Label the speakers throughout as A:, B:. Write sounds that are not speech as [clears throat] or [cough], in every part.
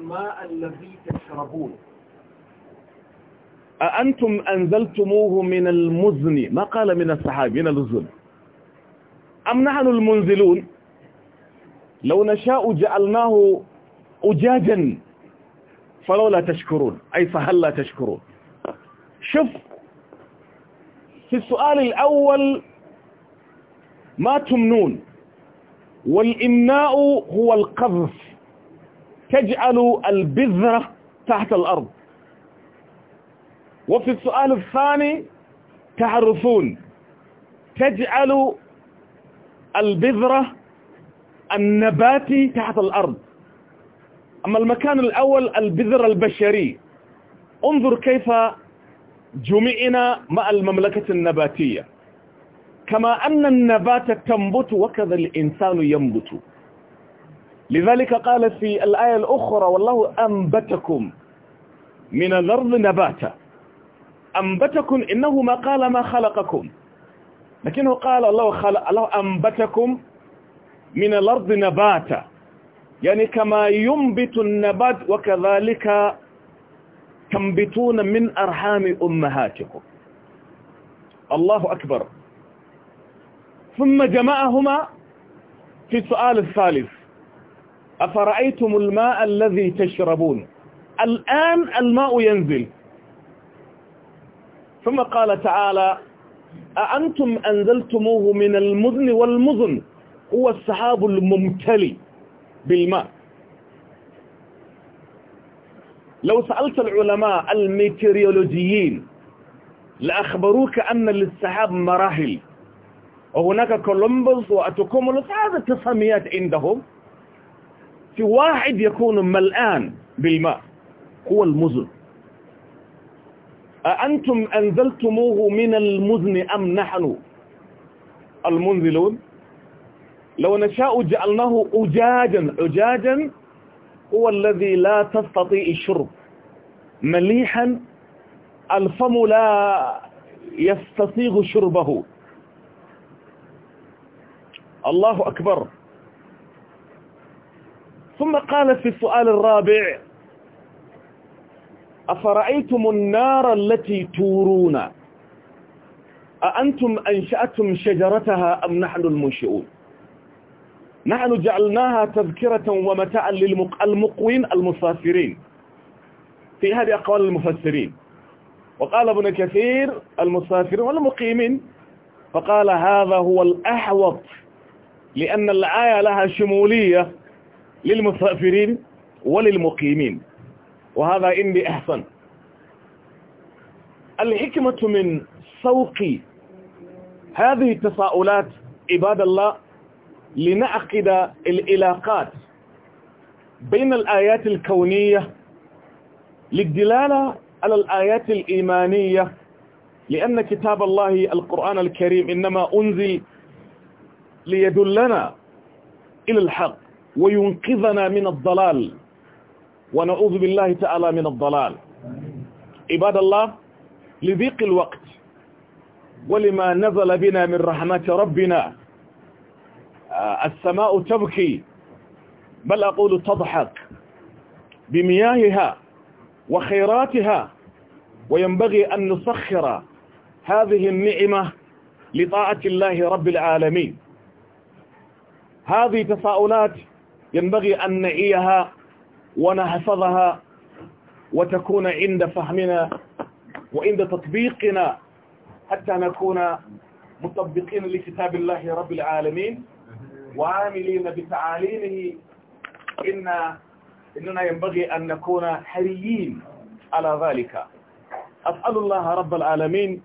A: الماء الذي تشربون أأنتم أنزلتموه من المزن ما قال من السحاب من الزن أم نحن المنزلون لو نشاء جعلناه أجاجا فلولا تشكرون أي فهل لا تشكرون شوف في السؤال الأول ما تمنون والإمناء هو القذف تجعل البذرة تحت الأرض وفي السؤال الثاني تعرفون تجعل البذرة النباتي تحت الأرض أما المكان الأول البذر البشري انظر كيف جمعنا مع المملكة النباتية كما أن النبات تنبت وكذا الإنسان ينبت لذلك قال في الآية الأخرى والله أنبتكم من الأرض نباتا أنبتكم إنه ما قال ما خلقكم لكنه قال الله, خلق الله أنبتكم من الأرض نباتا يعني كما ينبت النبات وكذلك تنبتون من أرحام أمهاتكم الله أكبر ثم جمعهما في السؤال الثالث أفرأيتم الماء الذي تشربون الآن الماء ينزل ثم قال تعالى أأنتم أنزلتموه من المذن والمذن هو السحاب الممتلي بالماء لو سألت العلماء الميتريولوجيين لأخبروك أن للسحاب مراحل وهناك كولومبوس وأتوكومولوس هذا تصميات عندهم في واحد يكون ملآن بالماء هو المزن أأنتم أنزلتموه من المزن أم نحن المنزلون لو نشاء جعلناه أجاجا أجاجا هو الذي لا تستطيع الشرب مليحا الفم لا يستسيغ شربه الله أكبر ثم قالت في السؤال الرابع أفرأيتم النار التي تورون أأنتم أنشأتم شجرتها أم نحن المنشئون نحن جعلناها تذكرة ومتاعا للمقوين المسافرين في هذه أقوال المفسرين وقال ابن كثير المسافرين والمقيمين فقال هذا هو الأحوط لأن الآية لها شمولية للمسافرين وللمقيمين وهذا إني أحسن الحكمة من سوق هذه التساؤلات عباد الله لنعقد العلاقات بين الآيات الكونية للدلالة على الآيات الإيمانية لأن كتاب الله القرآن الكريم إنما أنزل ليدلنا إلى الحق وينقذنا من الضلال ونعوذ بالله تعالى من الضلال عباد الله لضيق الوقت ولما نزل بنا من رحمة ربنا آه، السماء تبكي بل أقول تضحك بمياهها وخيراتها وينبغي أن نسخر هذه النعمة لطاعة الله رب العالمين هذه تساؤلات ينبغي أن نعيها ونحفظها وتكون عند فهمنا وعند تطبيقنا حتى نكون مطبقين لكتاب الله رب العالمين وعاملين بتعاليمه إن إننا ينبغي أن نكون حريين على ذلك أسأل الله رب العالمين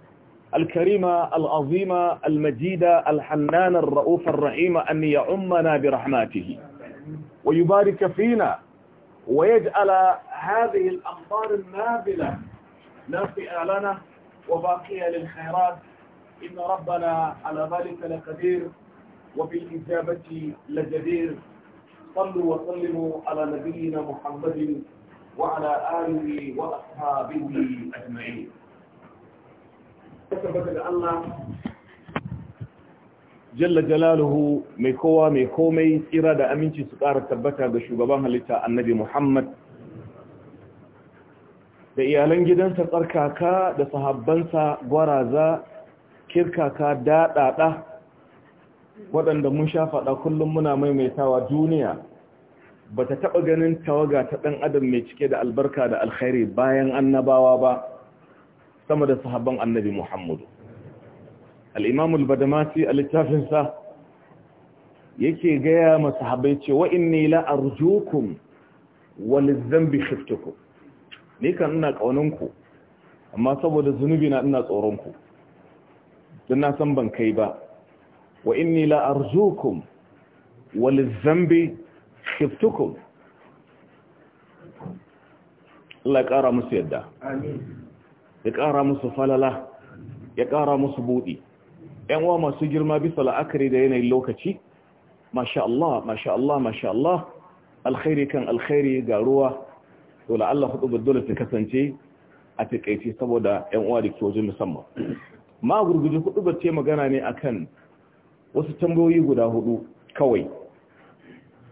A: الكريمة العظيمة المجيدة الحنان الرؤوف الرحيم أن يعمنا برحمته ويبارك فينا ويجعل هذه الأمطار النابلة نافئة لنا وباقية للخيرات إن ربنا على ذلك لقدير وبالإجابة لجدير صلوا وسلموا على نبينا محمد وعلى آله وأصحابه أجمعين. الله jalla jalaluhu mai kowa mai komai tsira da aminci su ƙara tabbata ga shugaban halitta annabi Muhammad da iyalan gidansa tsarkaka da sahabbansa gwaraza kirkaka daɗaɗa waɗanda mun sha faɗa kullum muna maimaitawa duniya ba ta taɓa ganin tawaga ta ɗan adam mai cike da albarka da alkhairi bayan annabawa ba sama da sahabban annabi Muhammadu al'imamul Badamati a littafinsa yake gaya masu habai ce "Wa'in wa inni la'arjukum walizambi shiftuku ni kan ina ƙauninku amma saboda zunubi na ina tsoronku don na san ban kai ba "Wa'in wa inni la'arjukum walizambi shiftuku Allah ya ƙara musu yadda ya ƙara musu falala ya ƙara musu buɗi yan uwa masu girma bisa la'akari da yanayin lokaci masha Allah masha Allah masha Allah alkhairi kan alkhairi ga ruwa to la'alla hudu dole ta kasance a takaice saboda yan uwa da ke wajen musamman ma gurguje hudu ba ce magana ne akan wasu tambayoyi guda hudu kawai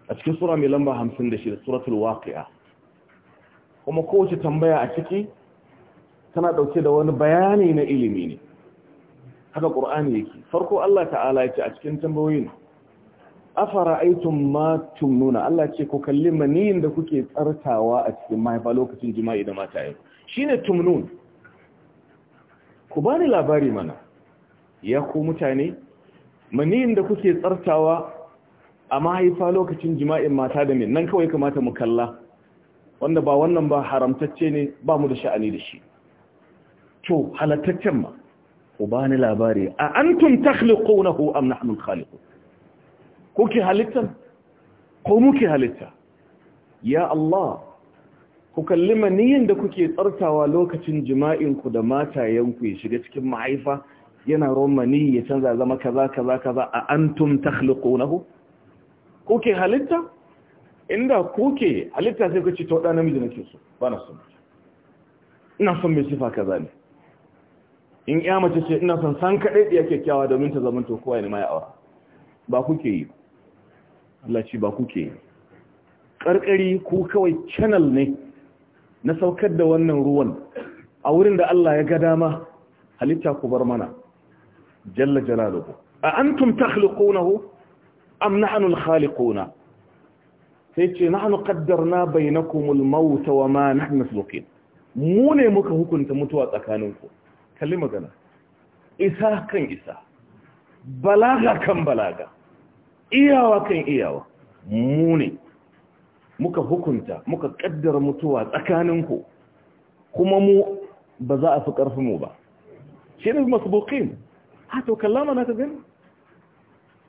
A: a cikin sura mai lamba 56 suratul waqi'a kuma kowace tambaya a ciki tana ɗauke da wani bayani na ilimi ne haka ƙur'ani yake farko Allah ta'ala ya ce a cikin tambayoyin afara aitun ma tumnuna Allah ce ku kalli maniyin da kuke tsartawa a cikin mahaifa lokacin jima'i da mata yau shine tumnun ku bani labari mana ya ku mutane maniyin da kuke tsartawa a mahaifa lokacin jima'i mata da min nan kawai kamata mu kalla wanda ba wannan ba haramtacce ne ba mu da sha'ani da shi to halattaccen ma ku bani labari a antum takhliqunahu am nahnu al kuke halitta ko muke halitta ya Allah ku kalli maniyin da kuke tsartawa lokacin jima'inku da matayenku ya shiga cikin mahaifa yana ruwan maniyi ya canza zama kaza kaza kaza a an tun antum Ku kuke halitta inda kuke halitta sai ku ci to da namiji nake so ba na so ina son mai sifa kaza ne in ya mace ce ina son san kaɗai ɗaya kyakkyawa domin ta zama to kowa ne mai ya aura ba kuke yi Allah shi ba kuke yi ƙarƙari ku kawai channel ne na saukar da wannan ruwan a wurin da Allah ya ga dama halitta ku bar mana jalla jalaluhu a antum takhluqunahu am nahnu al-khaliquna sai ce nahnu qaddarna bainakum al-maut wa ma nahnu musliqin mu ne muka hukunta mutuwa tsakaninku kalli magana isa kan isa balaga kan balaga iyawa kan iyawa mu ne muka hukunta muka kaddara mutuwa tsakaninku kuma mu ba za a fi ƙarfi mu ba shi ne masbuqin hato kallama na ka gani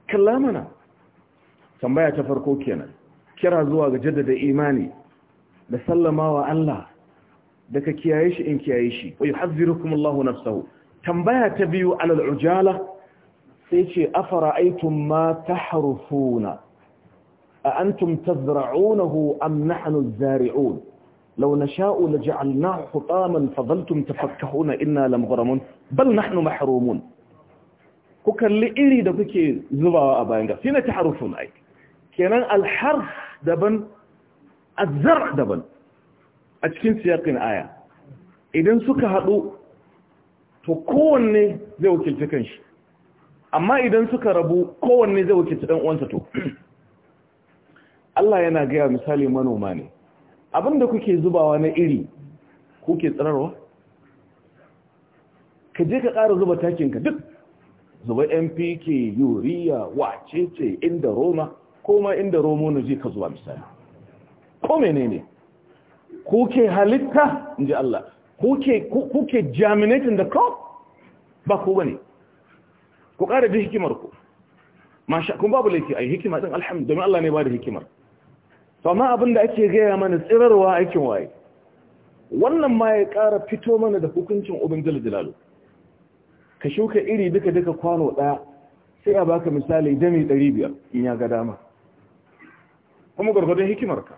A: kallama na tambaya ta farko kenan kira zuwa ga jaddada imani da sallamawa Allah دك كيايش ان كيايشي ويحذركم الله نفسه تنبيه تبيو على العجاله سيتي افرايتم ما تحرفون أأنتم تزرعونه ام نحن الزارعون لو نشاء لجعلناه حطاما فظلتم تفكهون انا لمغرمون بل نحن محرومون كوكلي ايري دا كوكي زوبا ابانغا فين تحرفون اي كينان الحرف دبن الزرع دبن a cikin siyakin aya idan suka haɗu to kowanne zai wakilci kanshi amma idan suka rabu kowanne zai wakilci ɗan uwansa to [clears throat] Allah yana gaya misali manoma ne abinda kuke zubawa na iri kuke tsararwa ka je ka ƙara zuba takinka duk zuba npk yuriya wacece inda roma koma inda romo na je ka zuwa misali ko menene kuke halitta in ji Allah kuke germinating the crop ba ku bane ku ƙara ji hikimar ku masha kun babu laifi ai hikima din alhamdu domin Allah ne ba da hikimar to amma abin da ake gaya mana tsirarwa aikin waye wannan ma ya ƙara fito mana da hukuncin ubin jalajalalu ka shuka iri duka duka kwano ɗaya sai a baka misali dami 500 in ya ga dama kuma gwargwadon hikimarka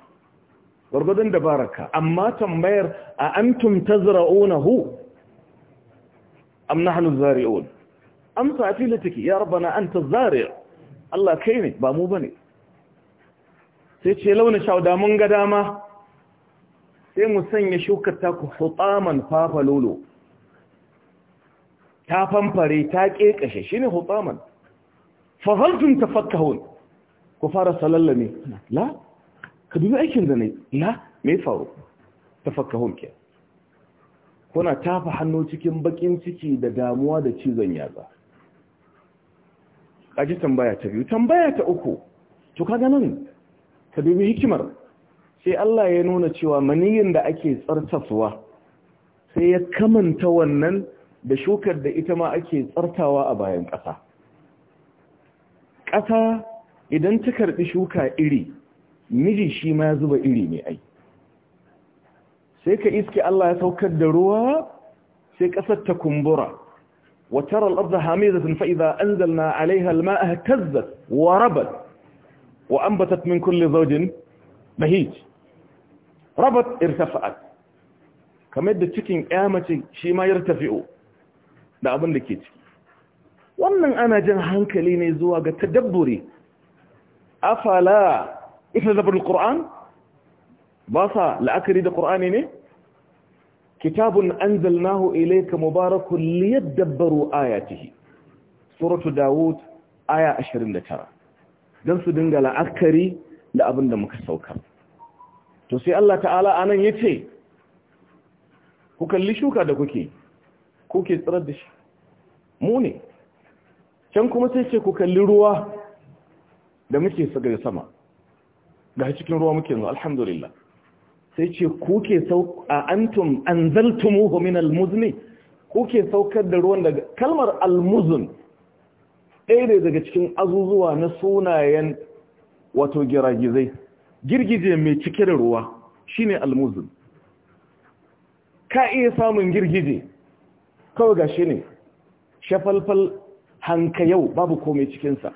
A: gwargwadon dabararka amma tambayar a antum tazra'unahu am nahnu zari'un amsa a fili take ya rabbana anta zari' Allah kai ne ba mu bane sai ce launa shauda mun ga dama sai mu sanya shukar ta ku hutaman fafalolo ta fanfare ta kekashe shine hutaman fa hal tum tafakkahun ku fara ne, la ka dubi aikin da ne na mai faru tafakkahun ke kuna tafa hannu cikin bakin ciki da damuwa da cizon yatsa kaji tambaya ta biyu tambaya ta uku to kaga nan ka dubi hikimar sai Allah ya nuna cewa maniyin da ake tsartasuwa sai ya kamanta wannan da shukar da ita ma ake tsartawa a bayan ƙasa ƙasa idan ta karɓi shuka iri miji shi ma zuba iri ne ai sai ka iske Allah ya saukar da ruwa sai kasar ta kumbura وترى الأرض al فإذا أنزلنا عليها الماء اهتزت وربت وأنبتت من كل زوج rabat ربت ارتفعت كما يدى تشكين قيامة شيء ما يرتفعوا da abin da ke ciki wannan ana jin hankali ne zuwa ga tadabburi afala ita zabar Qur'an ba sa la'akari da Qur'ani ne kitabun anzalnahu ilayka mubarakun liyadabbaru ayatihi suratu Dawud aya 29 dan su dinga la'akari da abin da muka saukar to sai Allah ta'ala anan yace ku kalli shuka da kuke kuke tsirar da shi mu ne can kuma sai ce ku kalli ruwa da muke sagar sama ga cikin ruwa muke zuwa alhamdulillah sai ce kuke ke antum anzaltumuhu min almuzni kuke saukar da ruwan daga kalmar almuzn ɗaya ne daga cikin azuzuwa na sunayen wato giragizai girgije mai cike da ruwa shine almuzn ka iya samun girgije kawai gashi ne shafalfal hankayau yau babu komai cikinsa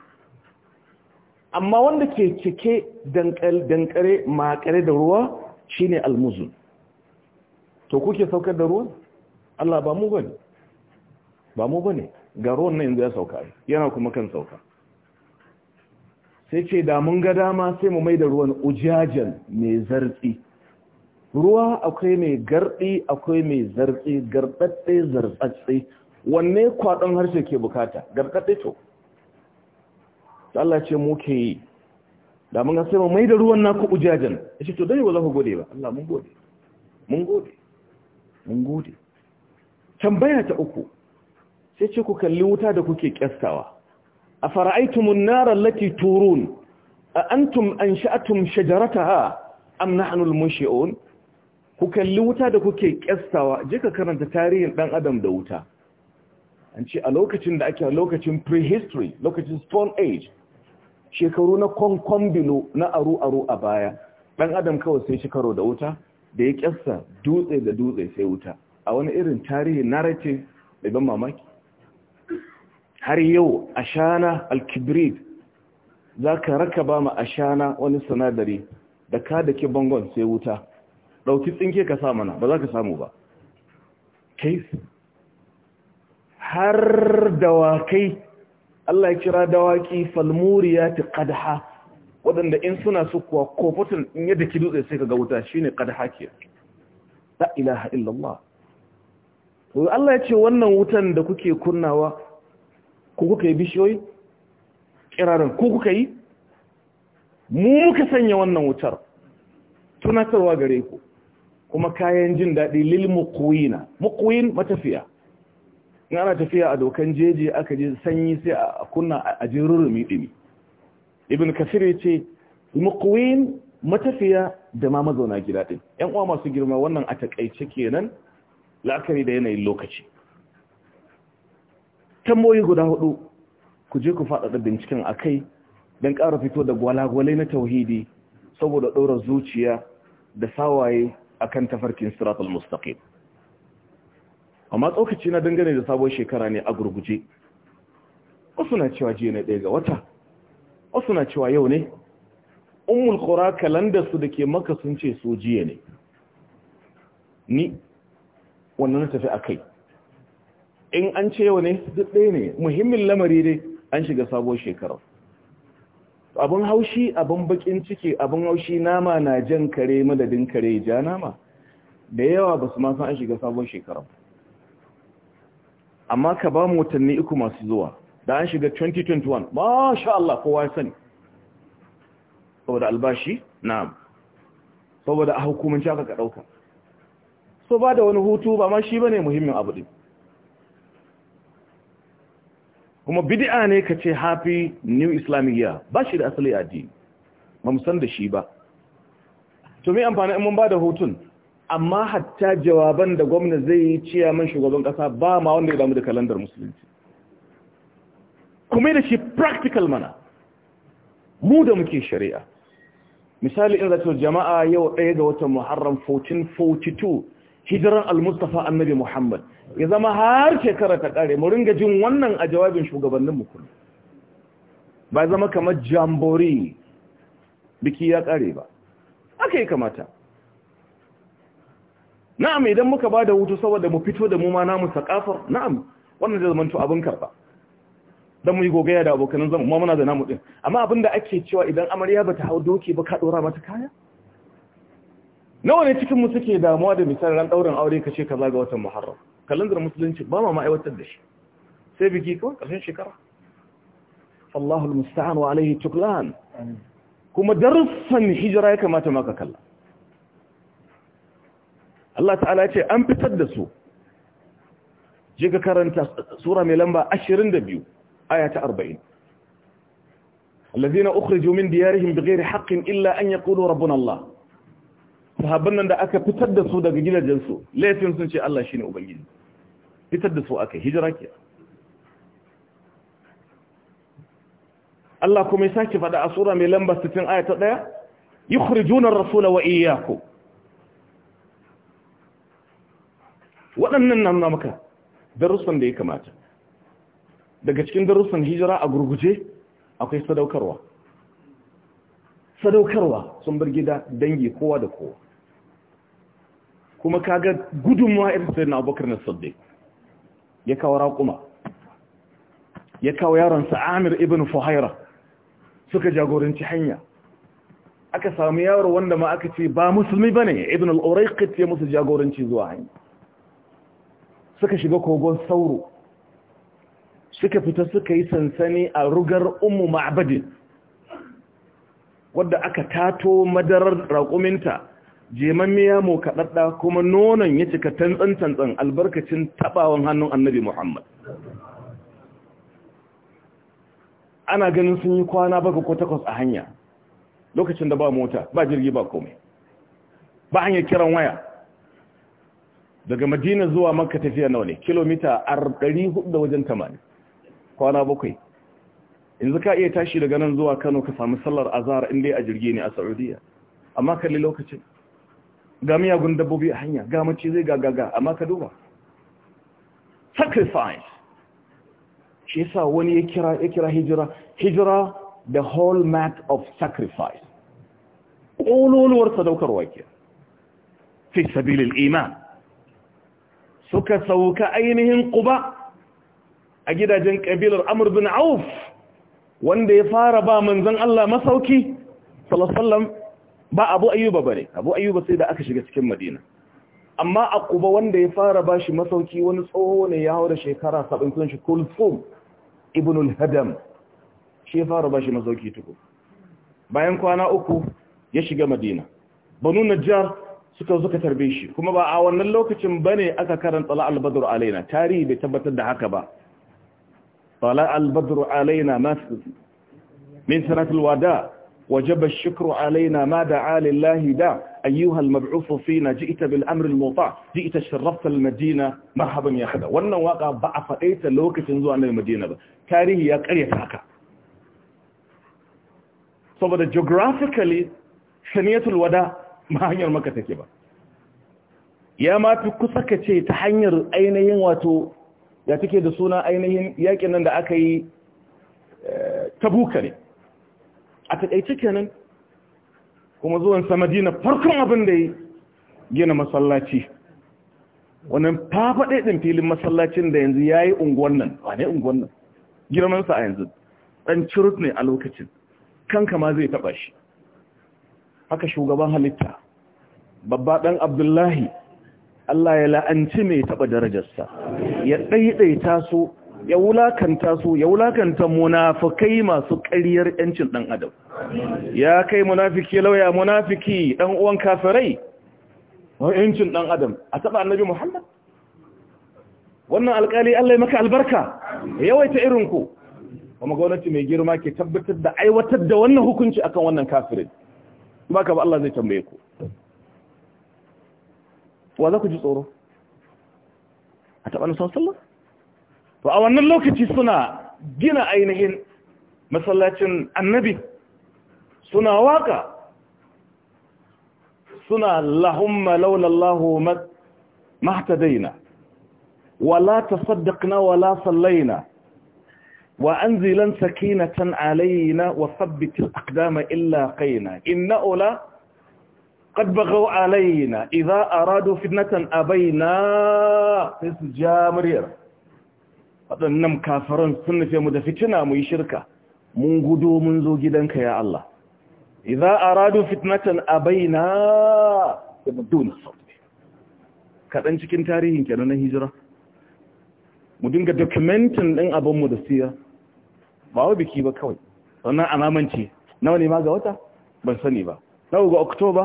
A: amma wanda ke cike dankare makare da ruwa shine almuzun to kuke saukar da ruwan Allah ba mu bane ba mu bane ga ruwan na yanzu ya sauka yana kuma kan sauka sai ce da mun ga dama sai mu mai da ruwan ujajen mai zartsi ruwa akwai mai garɗi, akwai mai zartsi garɗaɗɗe zartsatsi wanne kwaɗon harshe ke bukata Garɗaɗɗe to to Allah ce mu ke yi da mun ga sai mai da ruwan naku ujajen yace to dai ba za ku gode ba Allah mun gode mun gode mun gode tambaya ta uku sai ce ku kalli wuta da kuke kyastawa a mun nara lati turun a antum an sha'atum shajarataha am nahnul munshi'un ku kalli wuta da kuke kyastawa je ka karanta tarihin dan adam da wuta an ce a lokacin da ake lokacin prehistory lokacin stone age shekaru na kwankwan bilo na aru-aru a baya ɗan adam kawai sai shi karo da wuta da ya ƙyarsa dutse da dutse sai wuta a wani irin tarihi narrative mai ban mamaki har yau ashana alkibrid za ka raka ba ma ashana wani sinadari da ka da ke bangon sai wuta ɗauki tsinke ka sa mana ba za ka samu ba kai har dawakai Allah ya kira dawaki falmuriyati qadha wadanda in suna su kuwa kofutun in yadda ki dutse sai kaga wuta shine qadha ke la ilaha illallah to Allah ya ce wannan wutan da kuke kunnawa ku kuka yi bishoyi kirarin ku kuka yi mu muka sanya wannan wutar tunatarwa gare ku kuma kayan jin daɗi lil muqwina muqwin matafiya in ana tafiya a dokan jeji aka ji sanyi sai a kunna a jirurin rurumi ibn kafir ya ce muqwin matafiya da ma mazauna gida ɗin, yan uwa masu girma wannan a takaice kenan la'akari da yanayin lokaci tamboyi guda hudu ku je ku faɗaɗa binciken a kai don ƙara fito da gwalagwalai na tauhidi saboda ɗora zuciya da sawaye akan tafarkin siratul mustaqim amma tsokaci na dangane da sabon shekara ne a gurguje wasu na cewa jiya na ɗaya ga wata wasu na cewa yau ne ummul qura kalandarsu su ke maka sun ce so jiya ne ni wannan tafi a kai in an ce yau ne duk ɗaya ne muhimmin lamari dai an shiga sabon shekara abin haushi abin bakin ciki abin haushi nama na jan kare madadin kare ja nama da yawa ba su ma an shiga sabon shekara amma ka ba mu watanni uku masu zuwa da an shiga 2021 ba sha Allah kowa ya sani saboda albashi na saboda a hukumin aka ka ɗauka so ba da wani hutu ba ma shi ba ne muhimmin abu ne kuma bidi'a ne ka ce happy new islamic year ba shi da asali addini ba mu san da shi ba to me amfani in mun ba da hutun amma hatta jawaban da gwamna zai yi man shugaban kasa ba ma wanda ya damu da kalandar musulunci kuma da shi practical mana mu da muke shari'a misali in zato jama'a yau ɗaya ga watan muharram 1442 hijiran al-mustafa annabi muhammad ya zama har shekara ta ƙare mu ringa jin wannan a jawabin shugabannin mu kullum ba zama kamar jambori biki ya ƙare ba aka yi kamata na'am idan muka ba da hutu saboda mu fito da mu ma namu sakafar na'am wannan zai zamanto abin karba dan mu yi gogaya da abokan zan mu muna da namu din amma abinda ake cewa idan amarya bata hau doki ba ka dora mata kaya nawa ne cikin mu suke damuwa da misali ran daurin aure kace kaza ga watan muharram kalandar musulunci ba ma aiwatar da shi sai biki ko karshen shekara Allahu mustaan wa alayhi tuklan kuma darussan hijira ya kamata maka kalla Allah ta'ala ce an fitar da su je ka karanta sura mai lamba 22 aya ta 40 allazina ukhriju min diyarihim bighairi haqqin illa an yaqulu rabbuna Allah sahabban nan da aka fitar da su daga gidajen su laifin sun ce Allah shine ubangiji fitar da su aka hijira ke Allah kuma ya sake faɗa a sura mai lamba 60 aya ta 1 yukhrijuna ar-rasula wa iyyakum waɗannan na maka darussan da ya kamata daga cikin darussan hijira a gurguje akwai sadaukarwa sadaukarwa sun bar gida dangi kowa da kowa kuma kaga gudunmuwa irin sai na abokar na sadde ya kawo raƙuma ya kawo yaron Amir ibn fuhaira suka jagoranci hanya aka sami yaro wanda ma aka ce ba musulmi bane ibn al ya musu jagoranci zuwa hanya suka shiga kogon sauro suka fita suka yi sansani a rugar umu ma'abadin wadda aka tato madarar raƙuminta jemammiya mu kaɗaɗa kuma nonon ya cika tantsan-tantsan albarkacin taɓawan hannun annabi muhammad ana ganin sun yi kwana baka ko takwas a hanya lokacin da ba mota ba jirgi ba komai ba hanyar kiran waya daga madina zuwa makka tafiya nawa ne kilomita 400 da wajen 80 kwana bakwai yanzu ka iya tashi daga nan zuwa kano ka sami sallar azhar inda a jirgi ne a saudiya amma kalli lokacin ga miyagun dabbobi a hanya ga mace zai gagaga amma ka duba sacrifice shi yasa wani ya kira ya kira hijira hijira the whole mat of sacrifice ƙololuwar sadaukarwa ke fi sabilil iman suka sauka ainihin ƙuba a gidajen ƙabilar amur bin auf wanda ya fara ba manzan Allah masauki salasallam ba abu ayyuba bane abu ayyuba sai da aka shiga cikin madina amma a ƙuba wanda ya fara ba shi masauki wani tsoho ne ya haura shekara sabin sun shi kulfum ibn al-hadam shi ya fara ba shi masauki tuku bayan kwana uku ya shiga madina banu najjar suka suka tarbe shi kuma ba a wannan lokacin bane aka karanta tsala al alaina tarihi bai tabbatar da haka ba tsala al-badr alaina masu min sanatul wada wajaba shukru alaina ma da alillahi da ayyuha al-mab'ufu fina ji'ta bil amr al-muta ji'ta sharrafta madina marhaban ya hada wannan waka ba a lokacin zuwa nan madina ba tarihi ya karyata haka saboda geographically saniyatul wada ma hanyar maka take ba ya ma fi kusa ka ce ta hanyar ainihin wato ya take da suna ainihin yakin nan da aka yi eh, tabuka ne a taƙaice kenan kuma zuwan samadina farkon abin da ya gina masallaci wannan fafaɗe ɗin filin masallacin da yanzu ya yi unguwan nan ba ne unguwan nan girmansa a yanzu ɗan cirut ne a lokacin kanka ma zai taɓa shi haka shugaban halitta babba ɗan abdullahi Allah ya la'anci mai taɓa darajarsa ya ɗaiɗaita su ya wulakanta su ya wulakanta munafikai masu ƙaryar ‘yancin ɗan adam ya kai munafiki lauya munafiki ɗan uwan kafirai ‘yancin ɗan adam a taɓa annabi Muhammad wannan alƙali Allah ya maka albarka ya yawaita ku. kuma gwamnati mai girma ke tabbatar da aiwatar da wannan hukunci akan wannan kafirin ba ka ba Allah zai tambaye ku wa za ku ji tsoro a taɓa nasa wasallah to a wannan lokaci suna gina ainihin masallacin annabi suna waka suna lahumma laulallahu mahtadaina wala tasaddaqna wala sallaina وأنزلا سكينة علينا وثبت الأقدام إلا قينا إن أولى قد بغوا علينا إذا أرادوا فتنة أبينا تسجامرير waɗannan kafaran sun nufe mu da fitina mu yi shirka mun gudo mun zo gidanka ya Allah idza aradu fitnatan abaina yabdun sabbi kadan cikin tarihin kenan na hijira mu dinga documentin din abin mu da siya ba wa biki ba kawai wannan alamance nawa ne ma ga wata ban sani ba nawa ga oktoba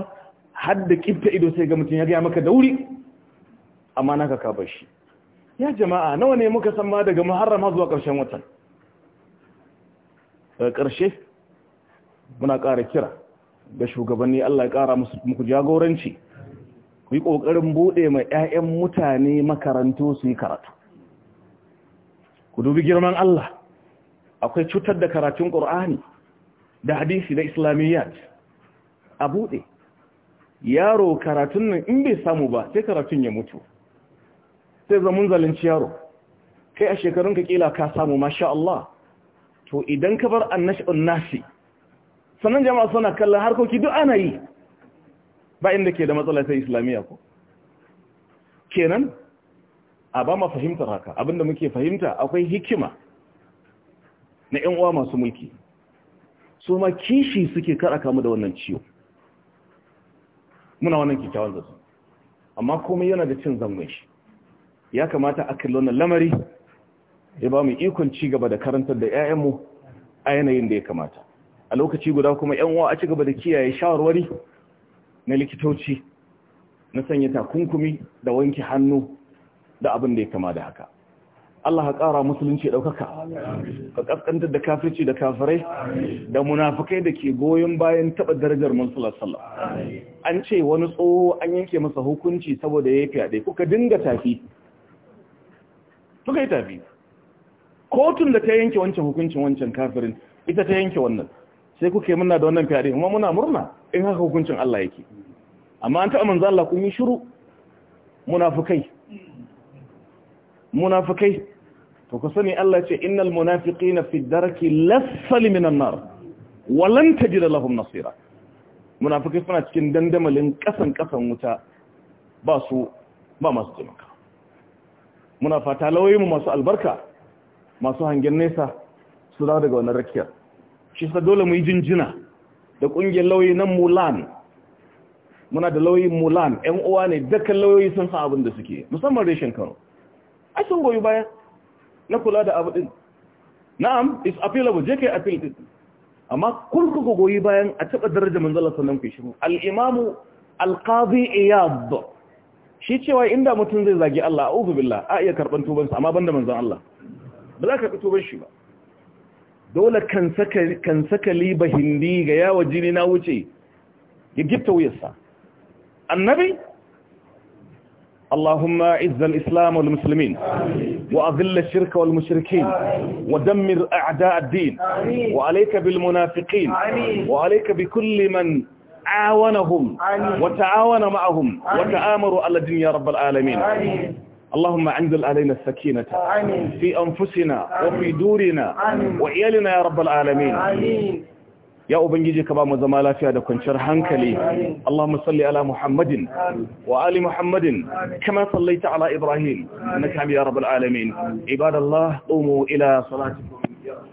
A: har da kifta ido sai ga mutum ya gaya maka da wuri amma na ka kabar shi ya jama'a nawa ne muka san ma daga ma zuwa ƙarshen watan daga ƙarshe muna ƙara kira Da shugabanni Allah ya ƙara muku jagoranci ku yi ƙoƙarin buɗe ma 'ya'yan mutane makarantu su yi karatu ku dubi girman Allah akwai cutar da karatun ƙur'ani da hadisi da islamiyyat a buɗe yaro karatun nan in bai samu ba sai karatun ya mutu sai zamun zalunci yaro kai a shekarun ka kila ka samu masha Allah to idan ka bar annashun nasi sannan jama'a suna kallon harkoki duk ana yi ba inda ke da matsala sai islamiyya ko kenan a ba ma fahimtar haka abinda muke fahimta akwai hikima na ‘yan uwa masu mulki su ma kishi suke kara kamu da wannan ciwo muna wannan kyakkyawan zasu amma komai yana da cin zangon shi ya kamata a kalli wannan lamari ya ba mu ikon ci gaba da karantar da mu a yanayin da ya kamata a lokaci guda kuma 'yan uwa a ci gaba da kiyaye shawarwari na likitoci na sanya takunkumi da wanke hannu da abin da ya kama da haka Allah ka ƙara musulunci ɗaukaka ka ƙasƙantar da kafirci da kafirai da munafukai da ke goyon bayan taɓa darajar mansular sallah an ce wani tsoho an yanke masa hukunci saboda ya yi fyaɗe kuka dinga tafi suka yi tafi kotun da ta yanke wancan hukuncin wancan kafirin ita ta yanke wannan sai kuke muna da wannan fyaɗe kuma muna murna in haka hukuncin Allah yake amma an taɓa manzo Allah kun yi shiru munafukai munafukai to ku sani Allah ce innal munafiqina fi darki lasfali minan nar walan tajid lahum nasira munafiqi suna cikin dandamalin kasan kasan wuta ba su ba masu taimaka muna fata lauyi mu masu albarka masu hangen nesa su da daga wannan rakiyar shi sa dole mu yi jinjina da kungiyar lauyi na Mulan muna da lauyi Mulan ƴan uwa ne dukkan lauyoyi sun san abin da suke musamman reshen Kano ai sun goyi baya na kula da abu din na'am is available je kai appeal din amma kun ku goyi bayan a taba daraja manzala sannan ku shiru al-imamu al-qadi iyad shi cewa inda mutum zai zagi Allah a'udhu billah a iya karban tuban sa amma banda manzon Allah ba za ka karbi tuban shi ba dole kan saka kan saka liba hindi ga yawa jini na wuce ya gifta wuyarsa annabi اللهم اعز الاسلام والمسلمين آمين وأذل الشرك والمشركين ودمر أعداء الدين وعليك بالمنافقين وعليك بكل من عاونهم وتعاون معهم وتآمروا على الدين يا رب العالمين اللهم انزل علينا السكينة في أنفسنا وفي دورنا وعيالنا يا رب العالمين ya ubangiji ka ba mu zama lafiya da kwanciyar hankali Allahumma salli ala Muhammadin wa ali Muhammadin kama sallaita ala Ibrahim innaka ya rabbul alamin ibadallah qumu ila salatikum